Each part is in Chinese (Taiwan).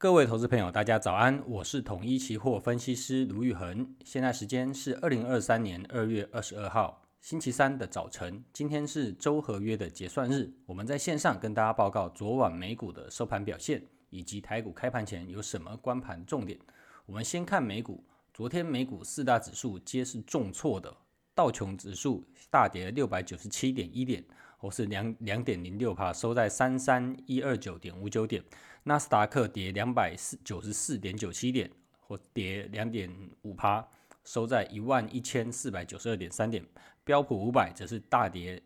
各位投資朋友，大家早安，我是統一期貨分析師盧昱衡，現在時間是二零二三年二月二十二號星期三的早晨。今天是周合約的結算日，我們在線上跟大家報告昨晚美股的收盤表現，以及台股開盤前有什麼關盤重點。我們先看美股，昨天美股四大指數皆是重挫的，道瓊指數大跌六百九十七點一點。或是兩兩點零六趴，收在三三一二九點五九點。納斯達克跌兩百四九十四點九七點，或跌兩點五趴，收在一萬一千四百九十二點三點。標普五百則是大跌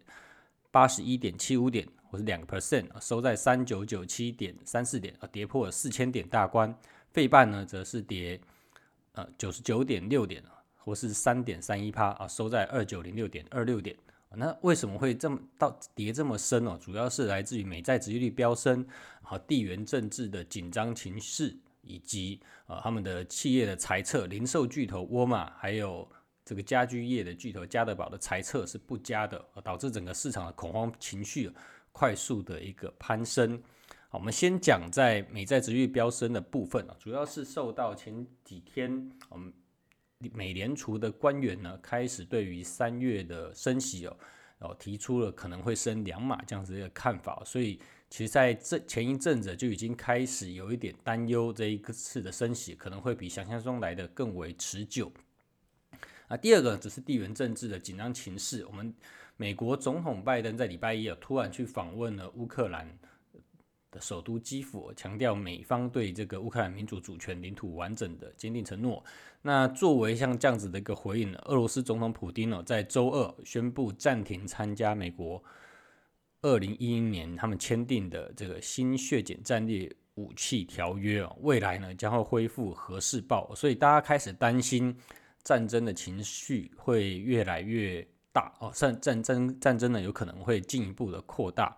八十一點七五點，或是兩個 percent，收在三九九七點三四點，啊，跌破四千點大關。費半呢，則是跌呃九十九點六點，或是三點三一趴，啊，收在二九零六點二六點。那為什麼會這麼到跌這麼深哦？主要是來自於美債殖利率飆升，和地緣政治的緊張情勢，以及啊他們的企業的財測，零售巨頭沃爾瑪，Walmart, 還有這個家居業的巨頭家得寶的財測是不佳的，導致整個市場的恐慌情緒快速的一個攀升。好，我們先講在美債殖利率飆升的部分啊，主要是受到前幾天我們。美聯儲的官員呢，開始對於三月的升息哦，哦提出了可能會升兩碼這樣子一個看法，所以其實在這前一陣子就已經開始有一點擔憂，這一次的升息可能會比想象中來得更為持久。啊，第二個只是地緣政治的緊張情勢，我們美國總統拜登在禮拜一哦突然去訪問了烏克蘭，的首都基輔強調美方對這個烏克蘭民主主權領土完整的堅定承諾。那作為像這樣子的一個回應呢，俄羅斯總統普丁呢，在周二宣布暫停參加美國二零一一年他們簽訂的這個新削減戰略武器條約哦，未來呢將會恢復核試爆，所以大家開始擔心戰爭的情緒會越來越大哦，戰戰爭戰爭呢有可能會進一步的擴大。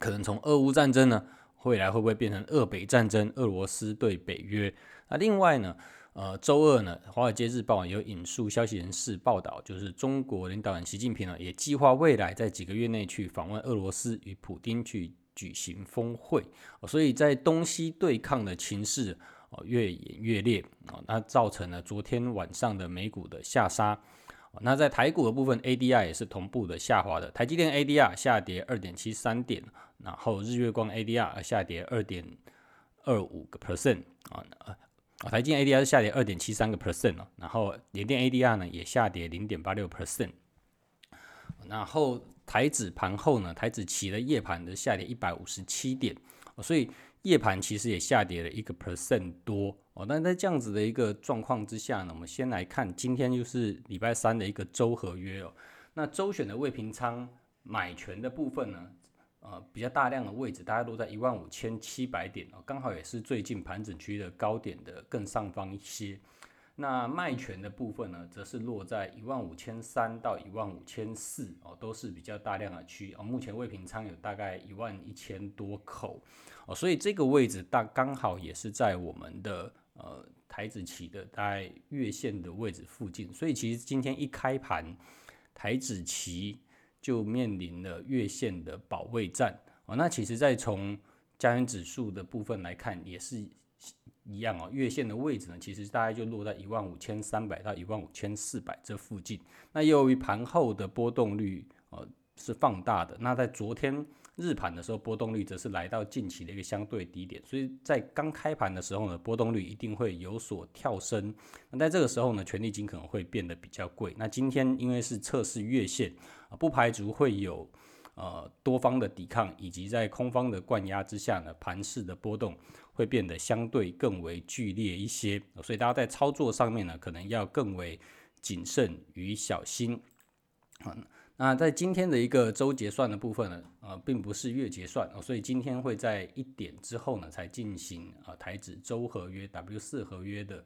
可能從俄烏戰爭呢，未來會不會變成俄北戰爭？俄羅斯對北約？那另外呢，呃，周二呢，《華爾街日報》有引述消息人士報道就是中國領導人習近平呢，也計劃未來在幾個月內去訪問俄羅斯，與普丁去舉行峰會。所以在東西對抗的情勢越演越烈啊，那造成了昨天晚上的美股的下殺。那在台股的部分，ADR 也是同步的下滑的。台積電 ADR 下跌二點七三點，然後日月光 ADR 下跌二點二五個 percent 啊，台積電 ADR 下跌二點七三個 percent 啊，然後聯電 ADR 呢也下跌零點八六 percent。然後台指盤後呢，台指期的夜盤的下跌一百五十七點，所以。夜盤其實也下跌了一個 percent 多哦，但在這樣子的一個狀況之下呢，我們先來看今天就是禮拜三的一個周合約哦。那周選的未平倉買權的部分呢，呃，比較大量的位置，大概都在一萬五千七百點，哦，剛好也是最近盤整區的高點的更上方一些。那賣權的部分呢，則是落在一萬五千三到一萬五千四哦，都是比較大量的區域哦。目前未平倉有大概一萬一千多口哦，所以這個位置大剛好也是在我們的呃台指期的大概月線的位置附近。所以其實今天一開盤，台指期就面臨了月線的保衛戰哦。那其實，在從加權指數的部分來看，也是一樣哦，月線的位置呢，其實大概就落在一萬五千三百到一萬五千四百這附近。那由於盤後的波動率呃是放大的，那在昨天日盤的時候，波動率則是來到近期的一個相對低點，所以在剛開盤的時候呢，波動率一定會有所跳升。那在這個時候呢，權利金可能會變得比較貴。那今天因為是測試月線，啊，不排除會有。呃，多方的抵抗以及在空方的灌壓之下呢，盤勢的波動會變得相對更為劇烈一些，所以大家在操作上面呢，可能要更為謹慎與小心。啊、嗯，那在今天的一個週結算的部分呢，呃，並不是月結算哦、呃，所以今天會在一點之後呢，才進行呃台指周合約 W 四合約的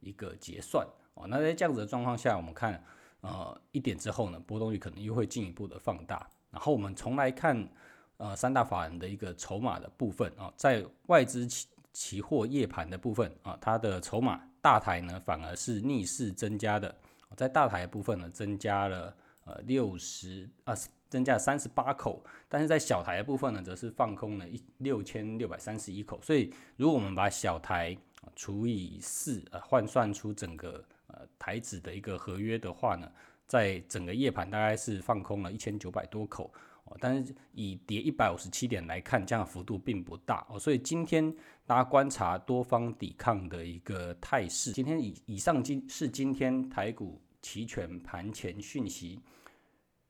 一個結算哦。那在這樣子的狀況下，我們看，呃，一點之後呢，波動率可能又會進一步的放大。然後我們重來看，呃，三大法人的一個籌碼的部分啊、哦，在外資期期貨夜盤的部分啊、哦，它的籌碼大台呢反而是逆勢增加的。在大台的部分呢，增加了呃六十、二十，增加了三十八口，但是在小台的部分呢，則是放空了一六千六百三十一口。所以，如果我們把小台除以四啊、呃，換算出整個呃台指的一個合約的話呢，在整個夜盤，大概是放空了一千九百多口哦，但是以跌一百五十七點來看，這樣幅度並不大哦，所以今天大家觀察多方抵抗的一個態勢。今天以以上今是今天台股期權盤前訊息，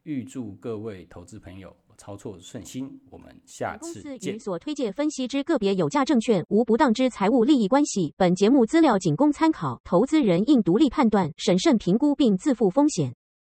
預祝各位投資朋友操作順心。我們下次見。公司與所推薦分析之個別有價證券無不當之財務利益關係，本節目資料僅供參考，投資人應獨立判斷、審慎評估並自負風險。